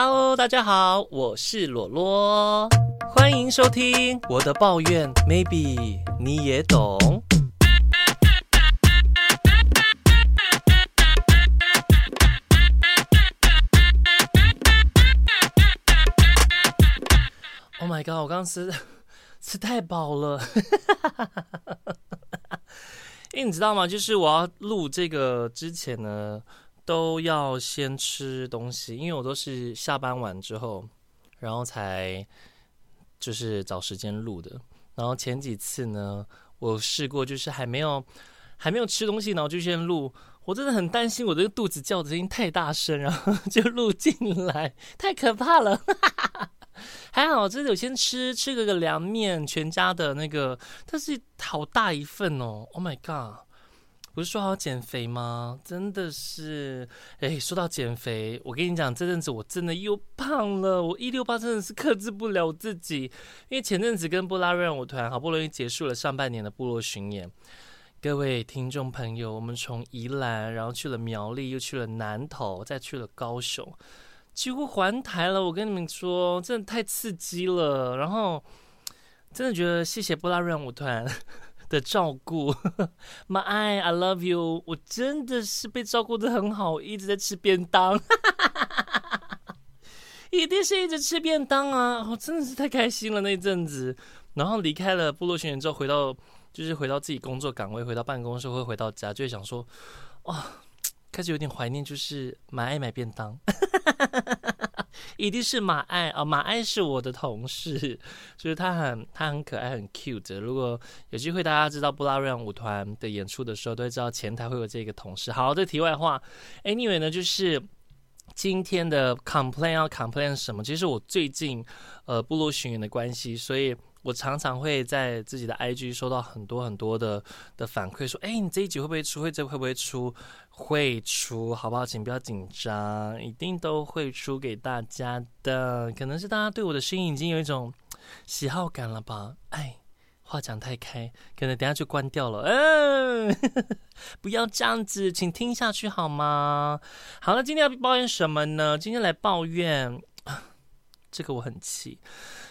Hello，大家好，我是羅羅。歡迎收聽我的抱怨，Maybe 你也懂。Oh my god，我剛剛吃吃太飽了， 因為你知道嗎？就是我要錄這個之前呢。都要先吃東西，因為我都是下班完之後，然後才就是找時間錄的。然後前幾次呢，我試過就是還沒有還沒有吃東西，然後就先錄。我真的很擔心我這個肚子叫的聲音太大聲，然後就錄進來，太可怕了。 還好這裡有先吃吃個個涼麵，全家的那個，但是好大一份哦，Oh my God。不是說好減肥嗎？真的是，誒，說到減肥，我跟你講，這陣子我真的又胖了。我一六八真的是克制不了我自己，因為前陣子跟布拉瑞揚舞團好不容易結束了上半年的部落巡演。各位聽眾朋友，我們從宜蘭，然後去了苗栗，又去了南投，再去了高雄，幾乎環台了。我跟你們說，真的太刺激了。然後，真的覺得謝謝布拉瑞揚舞團的照顧，呵呵，My eye，I love you，我真的是被照顧得很好，我一直在吃便當，哈哈哈。一定是一直吃便當啊！我真的是太開心了那陣子，然後離開了部落全員之後，回到就是回到自己工作崗位，回到辦公室，會回到家，就會想說，哇、哦，開始有點懷念，就是買愛買便當。哈哈哈。一定是馬愛啊。哦，馬愛是我的同事，所以他很他很可愛，很 cute。如果有機會，大家知道布拉瑞揚舞團的演出的時候，都會知道前台會有這個同事。好，這題外話，anyway 呢，就是今天的 complain 要 complain 什麼？其實我最近呃，部落巡演的關係，所以。我常常會在自己的 IG 收到很多很多的的反饋，說：“哎，你這一集會不會出？會這會不會出？會出好不好？請不要緊張，一定都會出給大家的。可能是大家對我的聲音已經有一種喜好感了吧？哎，話講太開，可能等下就關掉了。嗯，呵呵，不要這樣子，請聽下去好嗎？好了，今天要抱怨什麼呢？今天來抱怨。”這個我很氣，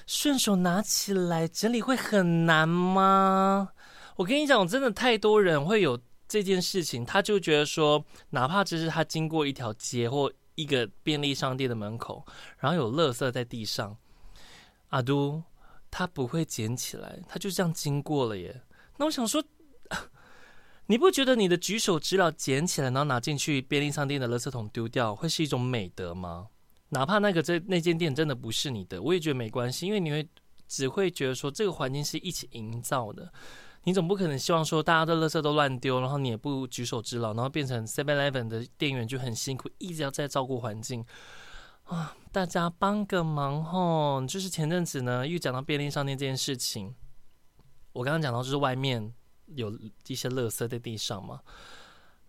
順手拿起來整理會很難嗎？我跟你講，真的太多人會有這件事情，他就覺得說，哪怕只是他經過一條街或一個便利商店的門口，然後有垃圾在地上，阿都他不會撿起來，他就這樣經過了耶。那我想說，你不覺得你的舉手之勞，撿起來然後拿進去便利商店的垃圾桶丟掉，會是一種美德嗎？哪怕那個這那間店真的不是你的，我也覺得沒關係，因為你會只會覺得說這個環境是一起營造的，你總不可能希望說大家的垃圾都亂丟，然後你也不舉手之勞，然後變成 Seven Eleven 的店員就很辛苦，一直要在照顧環境啊！大家幫個忙吼！就是前陣子呢又講到便利商店這件事情，我剛剛講到就是外面有一些垃圾在地上嘛，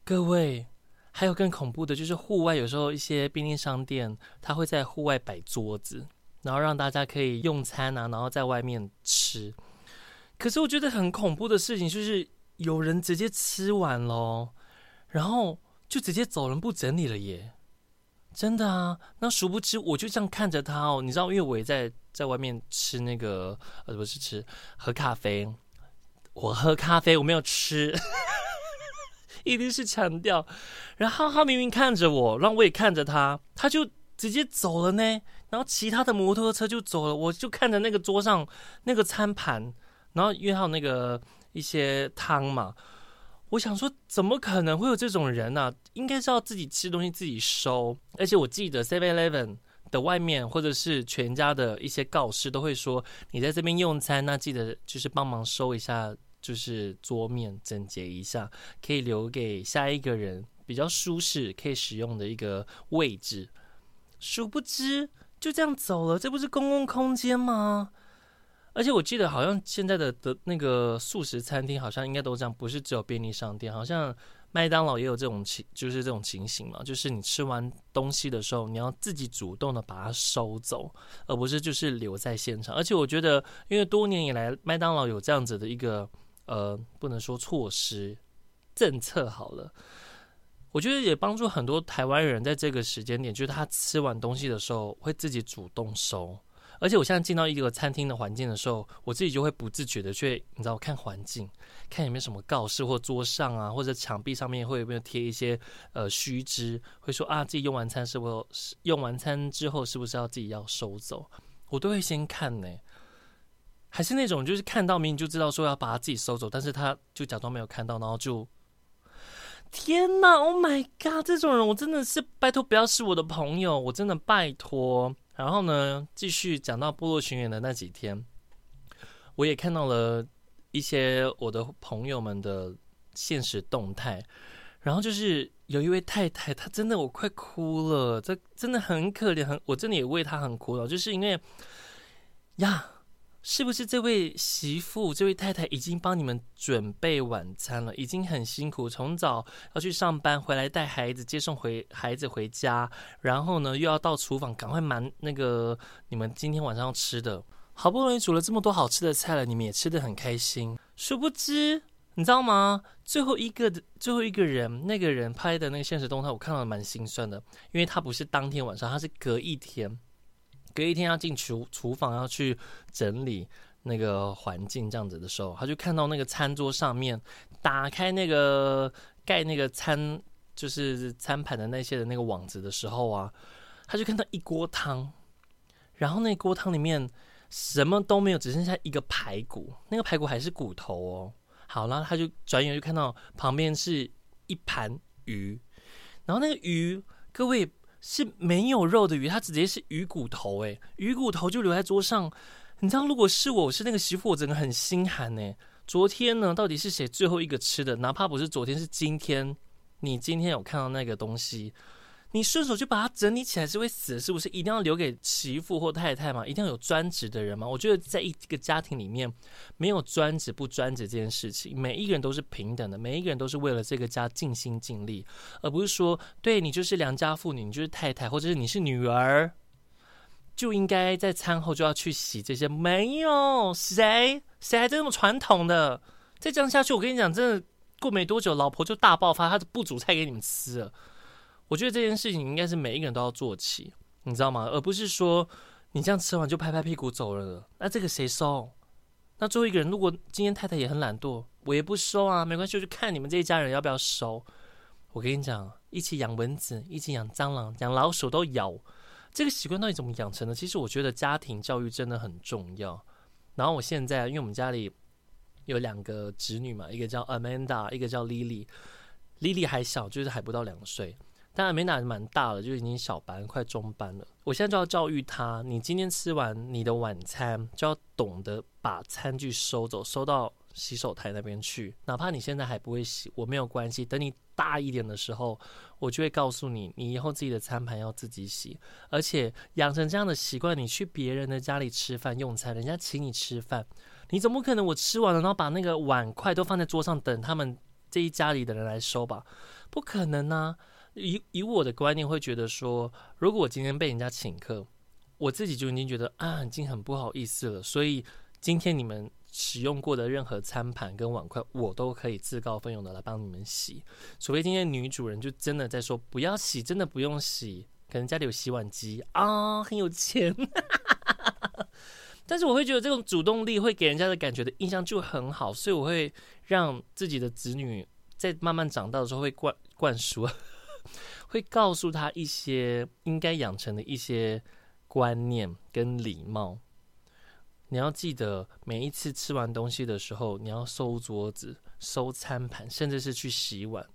各位。還有更恐怖的，就是戶外有時候一些便利商店，他會在戶外擺桌子，然後讓大家可以用餐啊，然後在外面吃。可是我覺得很恐怖的事情，就是有人直接吃完嘍，然後就直接走人，不整理了耶！真的啊，那殊不知我就這樣看着他哦，你知道，因為我也在在外面吃那個呃，啊、不是吃，喝咖啡，我喝咖啡，我沒有吃。 一定是強調，然後他明明看着我，然後我也看着他，他就直接走了呢。然後騎他的摩托車就走了，我就看着那個桌上那個餐盤，然後還有那個一些湯嘛，我想說怎麼可能會有這種人啊，應該是要自己吃東西自己收，而且我記得 Seven Eleven 的外面或者是全家的一些告示都會說，你在這邊用餐，那記得就是幫忙收一下。就是桌面整潔一下，可以留給下一個人比較舒適、可以使用的一個位置。殊不知就這樣走了，這不是公共空間嗎？而且我記得好像現在的的那個素食餐廳，好像應該都這樣，不是只有便利商店，好像麥當勞也有這種情，就是這種情形嘛。就是你吃完東西的時候，你要自己主動的把它收走，而不是就是留在現場。而且我覺得，因為多年以來，麥當勞有這樣子的一個。呃，不能說措施、政策好了，我覺得也幫助很多台灣人在這個時間點，就是他吃完東西的時候會自己主動收。而且我現在進到一個餐廳的環境的時候，我自己就會不自覺的去，你知道看環境，看有沒有什麼告示或桌上啊，或者牆壁上面會有沒有貼一些呃須知，會說啊自己用完餐是不是用完餐之後是不是要自己要收走，我都會先看呢。還是那種，就是看到明明就知道說要把他自己收走，但是他就假裝沒有看到，然後就天吶，Oh my god！這種人，我真的是拜託不要是我的朋友，我真的拜託。然後呢，繼續講到部落巡演的那幾天，我也看到了一些我的朋友們的現實動態。然後就是有一位太太，她真的我快哭了，這真的很可憐，很，我真的也為她很苦惱，就是因為呀。是不是這位媳婦、這位太太已經幫你們準備晚餐了？已經很辛苦，從早要去上班，回來帶孩子，接送回孩子回家，然後呢又要到廚房趕快忙那個你們今天晚上要吃的。好不容易煮了這麼多好吃的菜了，你們也吃的很開心。殊不知，你知道嗎？最後一個的最後一個人，那個人拍的那個限時動態，我看到的蠻心酸的，因為他不是當天晚上，他是隔一天。隔一天要進廚廚房，要去整理那個環境這樣子的時候，他就看到那個餐桌，上面打開那個蓋那個餐就是餐盤的那些的那個網子的時候啊，他就看到一鍋湯，然後那鍋湯裡面什麼都沒有，只剩下一個排骨，那個排骨還是骨頭哦。好啦，他就轉眼就看到旁邊是一盤魚，然後那個魚，各位。是沒有肉的魚，它直接是魚骨頭，誒，魚骨頭就留在桌上。你知道，如果是我，我是那個媳婦，我真的很心寒誒，昨天呢，到底是誰最後一個吃的？哪怕不是昨天，是今天，你今天有看到那個東西？你順手就把它整理起來是會死，是不是？一定要留給媳婦或太太嘛？一定要有專職的人嘛？我覺得在一個家庭裡面，沒有專職不專職這件事情，每一個人都是平等的，每一個人都是為了這個家盡心盡力，而不是說對你就是良家婦女，你就是太太，或者是你是女兒，就應該在餐後就要去洗這些。沒有誰誰還這麼傳統的？再這樣下去，我跟你講，真的過沒多久，老婆就大爆發，她就不煮菜給你們吃了。我覺得這件事情應該是每一個人都要做起，你知道嗎？而不是說你這樣吃完就拍拍屁股走了，那這個誰收？那作為一個人，如果今天太太也很懶惰，我也不收啊，沒關係，我就看你們這一家人要不要收。我跟你講，一起養蚊子，一起養蟑螂，養老鼠都咬，這個習慣到底怎麼養成的？其實我覺得家庭教育真的很重要。然後我現在，因為我們家裡有兩個侄女嘛，一個叫 Amanda，一個叫 Lily，Lily 還小，就是還不到兩歲。但阿沒娜蠻大了，就已經小班快中班了。我現在就要教育他，你今天吃完你的晚餐，就要懂得把餐具收走，收到洗手台那邊去。哪怕你現在還不會洗，我沒有關係。等你大一點的時候，我就會告訴你，你以後自己的餐盤要自己洗，而且養成這樣的習慣。你去別人的家裡吃飯用餐，人家請你吃飯，你總不可能，我吃完了，然後把那個碗筷都放在桌上，等他們這一家裡的人來收吧？不可能啊！以以我的觀念會覺得說，如果我今天被人家請客，我自己就已經覺得啊，已經很不好意思了。所以今天你們使用過的任何餐盤跟碗筷，我都可以自告奮勇的來幫你們洗。除非今天女主人就真的在說不要洗，真的不用洗，可能家裡有洗碗機啊，哦，很有錢。 但是我會覺得這種主動力會給人家的感覺的印象就很好，所以我會讓自己的子女在慢慢長大的時候會灌灌輸。會告訴他一些應該養成的一些觀念跟禮貌。你要記得每一次吃完東西的時候，你要收桌子、收餐盤，甚至是去洗碗，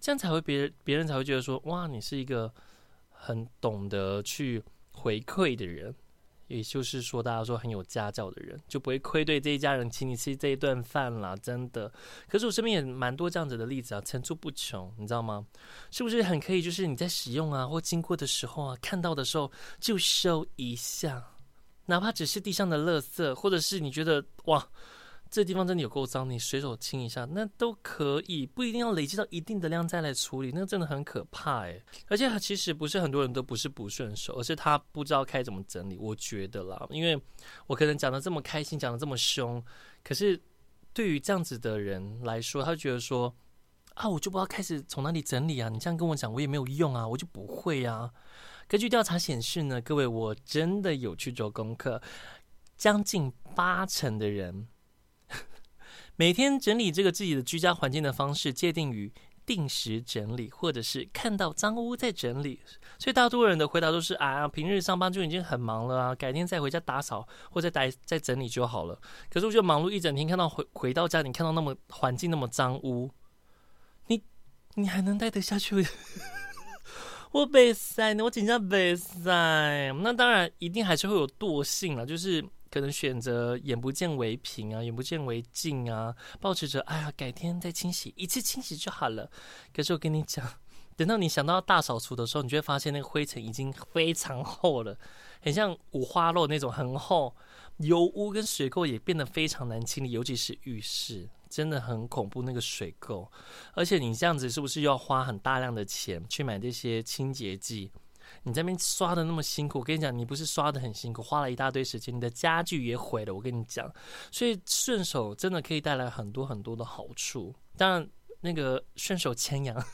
這樣才會別人別人才會覺得說：哇，你是一個很懂得去回饋的人。也就是說，大家說很有家教的人就不會愧對這一家人，請你吃這一頓飯啦。真的。可是我身邊也蠻多這樣子的例子啊，層出不窮，你知道嗎？是不是很可以？就是你在使用啊，或經過的時候啊，看到的時候就收一下，哪怕只是地上的垃圾，或者是你覺得哇。這地方真的有夠髒，你隨手清一下那都可以，不一定要累積到一定的量再來處理。那真的很可怕誒。而且他其實不是很多人都不是不順手，而是他不知道該怎麼整理。我覺得啦，因為我可能講的這麼開心，講的這麼兇，可是對於這樣子的人來說，他覺得說啊，我就不知道開始從哪裡整理啊。你這樣跟我講，我也沒有用啊，我就不會啊。根據調查顯示呢，各位，我真的有去做功課，將近八成的人。每天整理這個自己的居家環境的方式，界定於定時整理，或者是看到髒污再整理。所以大多數人的回答都是啊，平日上班就已經很忙了啊，改天再回家打掃或者再打再整理就好了。可是我就忙碌一整天，看到回回到家，你看到那麼環境那麼髒污，你你還能待得下去 我？我被塞，呢，我緊張被塞。那當然一定還是會有惰性了，就是。可能選擇眼不見為平啊，眼不見為淨啊，抱持着哎呀，改天再清洗，一次清洗就好了。可是我跟你講，等到你想到大掃除的時候，你就會發現那個灰塵已經非常厚了，很像五花肉那種很厚，油污跟水垢也變得非常難清理，尤其是浴室，真的很恐怖那個水垢。而且你這樣子是不是又要花很大量的錢去買這些清潔劑？你這邊刷的那麼辛苦，我跟你講，你不是刷的很辛苦，花了一大堆時間，你的家具也毀了。我跟你講，所以順手真的可以帶來很多很多的好處。當然，那個順手牽羊，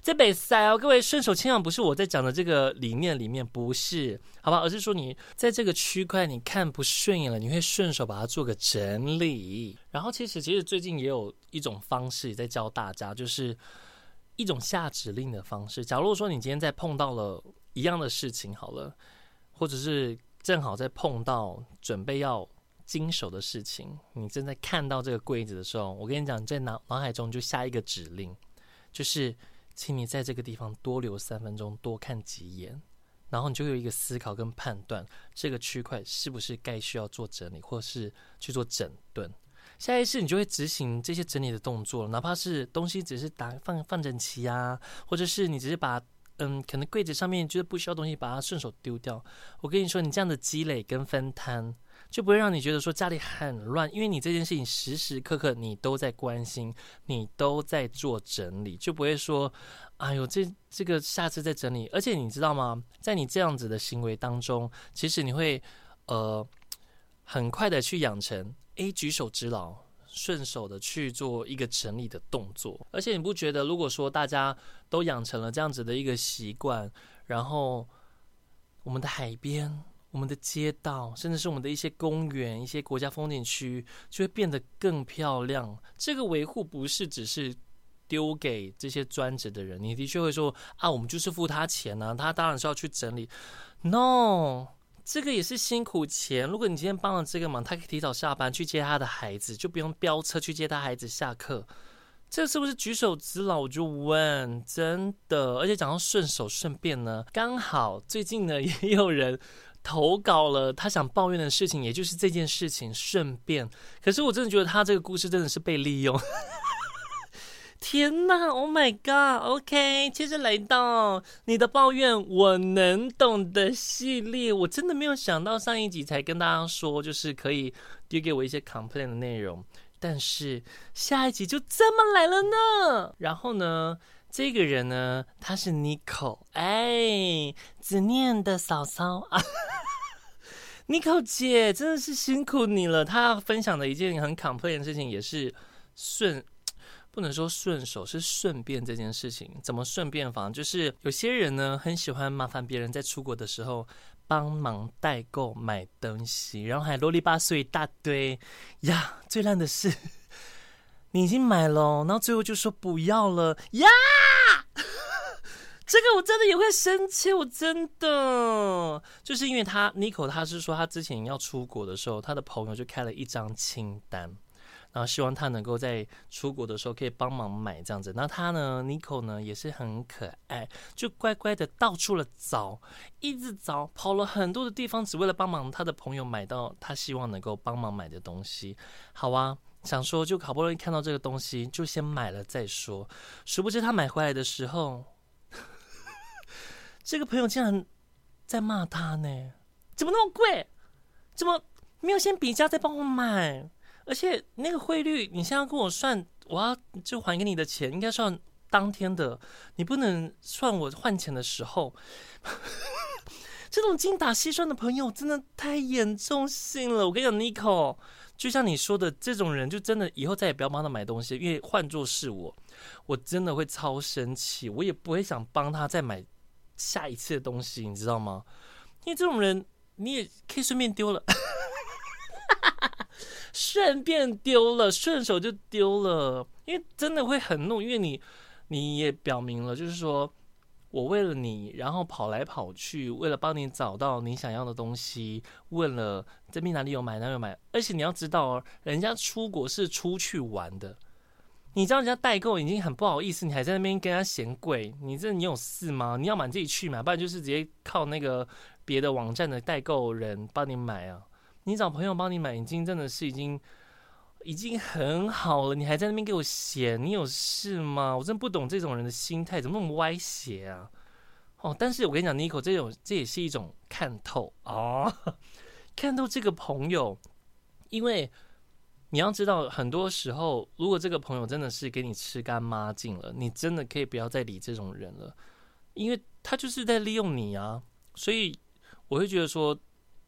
在比賽哦，各位順手牽羊不是我在講的這個理念裡面不是，好吧？而是說你在這個區塊你看不順眼了，你會順手把它做個整理。然後，其實其實最近也有一種方式在教大家，就是。一種下指令的方式。假如說你今天在碰到了一樣的事情，好了，或者是正好在碰到準備要經手的事情，你正在看到這個櫃子的時候，我跟你講，在腦腦海中就下一個指令，就是請你在這個地方多留三分鐘，多看幾眼，然後你就有一個思考跟判斷，這個區塊是不是該需要做整理，或者是去做整頓。下一次你就會執行這些整理的動作，哪怕是東西只是打放放整齊啊，或者是你只是把嗯，可能櫃子上面覺得不需要東西，把它順手丟掉。我跟你說，你這樣的積累跟分攤，就不會讓你覺得說家裡很亂，因為你這件事情時時刻刻你都在關心，你都在做整理，就不會說，哎呦，這這個下次再整理。而且你知道嗎，在你這樣子的行為當中，其實你會呃很快的去養成。誒，A, 舉手之勞，順手的去做一個整理的動作，而且你不覺得，如果說大家都養成了這樣子的一個習慣，然後我們的海邊、我們的街道，甚至是我們的一些公園、一些國家風景區，就會變得更漂亮。這個維護不是只是丟給這些專職的人，你的確會說啊，我們就是付他錢呢、啊，他當然是要去整理。No。這個也是辛苦錢。如果你今天幫了這個忙，他可以提早下班去接他的孩子，就不用飆車去接他孩子下課。這個是不是舉手之勞？我就問，真的。而且講到順手順便呢，剛好最近呢也有人投稿了他想抱怨的事情，也就是這件事情。順便，可是我真的覺得他這個故事真的是被利用。 天哪，Oh my God，OK，okay。接著來到你的抱怨，我能懂的系列，我真的沒有想到上一集才跟大家說，就是可以丟給我一些 complain 的內容，但是下一集就這麼來了呢。然後呢，這個人呢，他是 Nico，哎，子念的嫂嫂啊 Nico 姐真的是辛苦你了。他分享的一件很 complain 的事情，也是順。不能說順手，是順便這件事情。怎麼順便法？就是有些人呢，很喜歡麻煩別人在出國的時候幫忙代購買東西，然後還囉里吧嗦一大堆。呀，最爛的是你已經買了，然後最後就說不要了。呀，這個我真的也會生氣，我真的。就是因為他，Nico，他是說他之前要出國的時候，他的朋友就開了一張清單。然後希望他能夠在出國的時候可以幫忙買，這樣子。那他呢，Nico 呢也是很可愛，就乖乖的到處了找，一直找，跑了很多的地方，只為了幫忙他的朋友買到他希望能夠幫忙買的東西。好啊，想說就好不容易看到這個東西，就先買了再說。殊不知他買回來的時候，呵呵這個朋友竟然在罵他呢：怎麼那麼貴？怎麼沒有先比價再幫我買？而且那個匯率，你現在要跟我算，我要就還給你的錢，應該算當天的，你不能算我換錢的時候。 這種精打細算的朋友真的太嚴重性了。我跟你講，Nico，就像你說的，這種人就真的以後再也不要幫他買東西，因為換做是我，我真的會超生氣，我也不會想幫他再買下一次的東西，你知道嗎？因為這種人，你也可以順便丟了。 順便丟了，順手就丟了，因為真的會很弄。因為你，你也表明了，就是說，我為了你，然後跑來跑去，為了幫你找到你想要的東西，問了這邊哪裡有買，哪裡有買。而且你要知道哦，人家出國是出去玩的，你知道人家代購已經很不好意思，你還在那邊跟他嫌貴，你這你有事嗎？你要買自己去買，不然就是直接靠那個別的網站的代購人幫你買啊。你找朋友幫你買，已經真的是已經已經很好了。你還在那邊給我寫，你有事嗎？我真不懂這種人的心態，怎麼那麼歪斜啊？哦，但是我跟你講，Nico，這種，這種，這種也是一種看透啊，哦，看透這個朋友。因為你要知道，很多時候如果這個朋友真的是給你吃乾抹淨了，你真的可以不要再理這種人了，因為他就是在利用你啊。所以我會覺得說。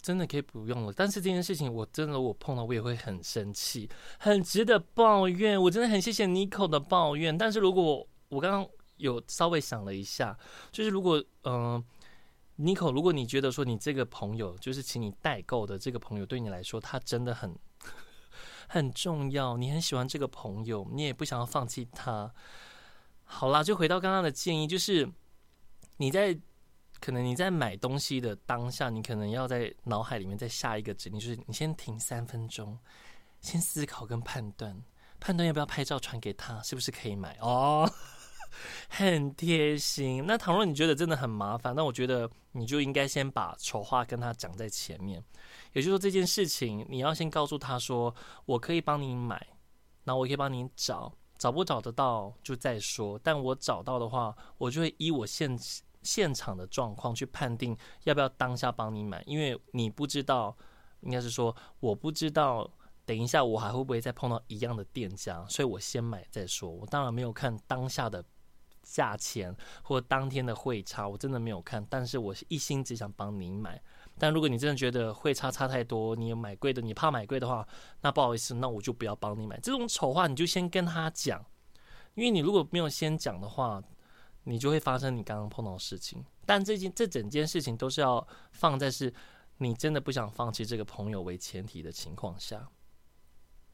真的可以不用了，但是這件事情我真的我碰到，我也會很生氣，很值得抱怨。我真的很謝謝妮蔻的抱怨，但是如果我剛剛有稍微想了一下，就是如果嗯，妮蔻，呃、Nico，如果你覺得說你這個朋友就是請你代購的這個朋友，對你來說他真的很很重要，你很喜歡這個朋友，你也不想要放棄他。好啦，就回到剛剛的建議，就是你在。可能你在買東西的當下，你可能要在腦海裡面再下一個指令，就是你先停三分鐘，先思考跟判斷，判斷要不要拍照傳給他，是不是可以買哦？很貼心。那倘若你覺得真的很麻煩，那我覺得你就應該先把醜話跟他講在前面，也就是說，這件事情你要先告訴他說，我可以幫你買，那我可以幫你找，找不找得到就再說，但我找到的話，我就會依我現。現場的狀況去判定要不要當下幫你買，因為你不知道，應該是說我不知道，等一下我還會不會再碰到一樣的店家，所以我先買再說。我當然沒有看當下的價錢或當天的匯差，我真的沒有看，但是我是一心只想幫你買。但如果你真的覺得匯差差太多，你有買貴的，你怕買貴的話，那不好意思，那我就不要幫你買。這種醜話你就先跟他講，因為你如果沒有先講的話。你就會發生你剛剛碰到的事情，但這件這整件事情都是要放在是你真的不想放棄這個朋友為前提的情況下，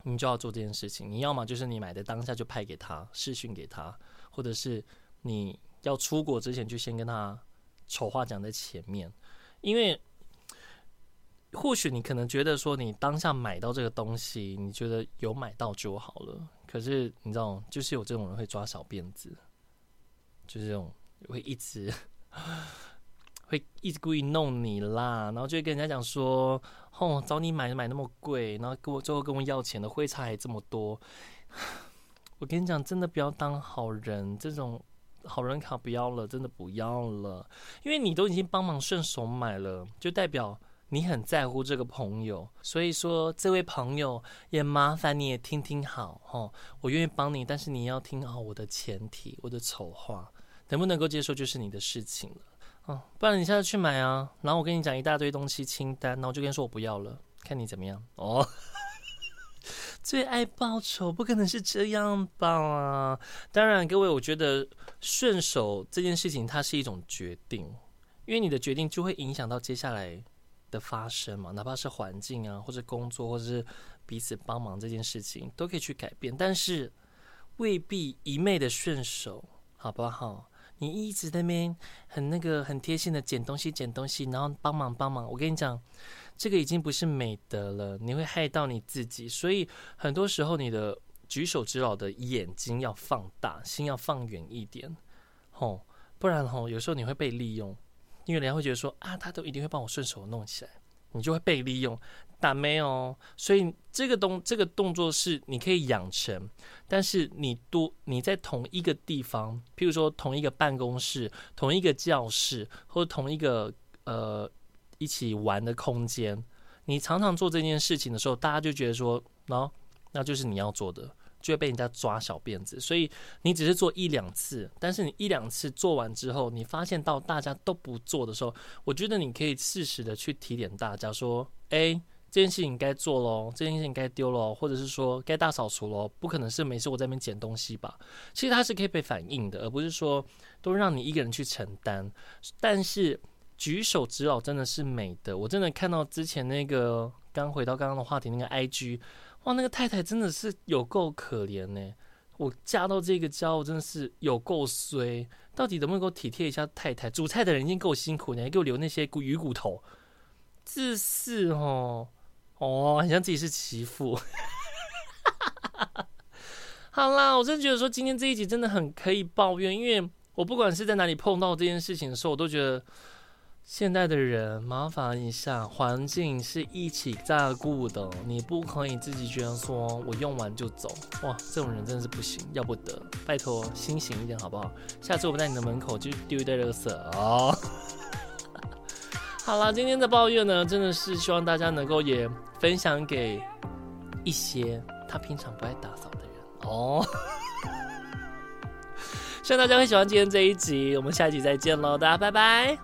你就要做這件事情。你要麼就是你買的當下就派給他、視訊給他，或者是你要出國之前就先跟他醜話講在前面，因為或許你可能覺得說你當下買到這個東西，你覺得有買到就好了。可是你知道，就是有這種人會抓小辮子。就是這種會一直會一直故意弄你啦，然後就會跟人家講說：“哦，找你買買那麼貴，然後給我最後跟我要錢的，會差還這麼多。”我跟你講，真的不要當好人，這種好人卡不要了，真的不要了，因為你都已經幫忙順手買了，就代表你很在乎這個朋友。所以說，這位朋友也麻煩你也聽聽好，哦，我願意幫你，但是你要聽好我的前提，我的醜話。能不能夠接受就是你的事情了？哦，不然你下次去買啊。然後我跟你講一大堆東西清單，然後就跟你說我不要了，看你怎麼樣哦。 最愛報仇，不可能是這樣吧啊？當然，各位，我覺得順手這件事情，它是一種決定，因為你的決定就會影響到接下來的發生嘛，哪怕是環境啊，或者工作，或者是彼此幫忙這件事情都可以去改變，但是未必一昧的順手，好不好？你一直在那邊很那個很貼心的撿東西撿東西，然後幫忙幫忙。我跟你講，這個已經不是美德了，你會害到你自己。所以很多時候你的舉手之勞的眼睛要放大，心要放遠一點，吼，不然吼有時候你會被利用，因為人家會覺得說啊，他都一定會幫我順手弄起來，你就會被利用，達咩喔。所以。這個動，這個動作是你可以養成，但是你多你在同一個地方，譬如說同一個辦公室、同一個教室，或者同一個呃一起玩的空間，你常常做這件事情的時候，大家就覺得說，那、no, 那就是你要做的，就會被人家抓小辮子。所以你只是做一兩次，但是你一兩次做完之後，你發現到大家都不做的時候，我覺得你可以適時的去提點大家說，誒’。這件事情該做咯，這件事情該丟咯，或者是說該大掃除咯，不可能是每次我在那邊撿東西吧？其實它是可以被反映的，而不是說都讓你一個人去承擔。但是舉手之勞真的是美的，我真的看到之前那個剛回到剛剛的話題那個 IG，哇，那個太太真的是有夠可憐呢、欸！我嫁到這個家，我真的是有夠衰，到底能不能夠體貼一下太太？煮菜的人已經夠辛苦，你還給我留那些骨魚骨頭，自私哦。哦，好、oh, 像自己是媳婦。 好啦，我真的覺得說今天這一集真的很可以抱怨，因為我不管是在哪裡碰到這件事情的時候，我都覺得現代的人麻煩一下，環境是一起照顧的，你不可以自己覺得說我用完就走哇，這種人真的是不行，要不得，拜托清醒一點好不好？下次我不在你的門口就丟一堆垃圾哦。好了，今天的抱怨呢，真的是希望大家能夠也分享給一些他平常不愛打掃的人哦。 希望大家會喜歡今天這一集，我們下一集再見嘍，大家拜拜。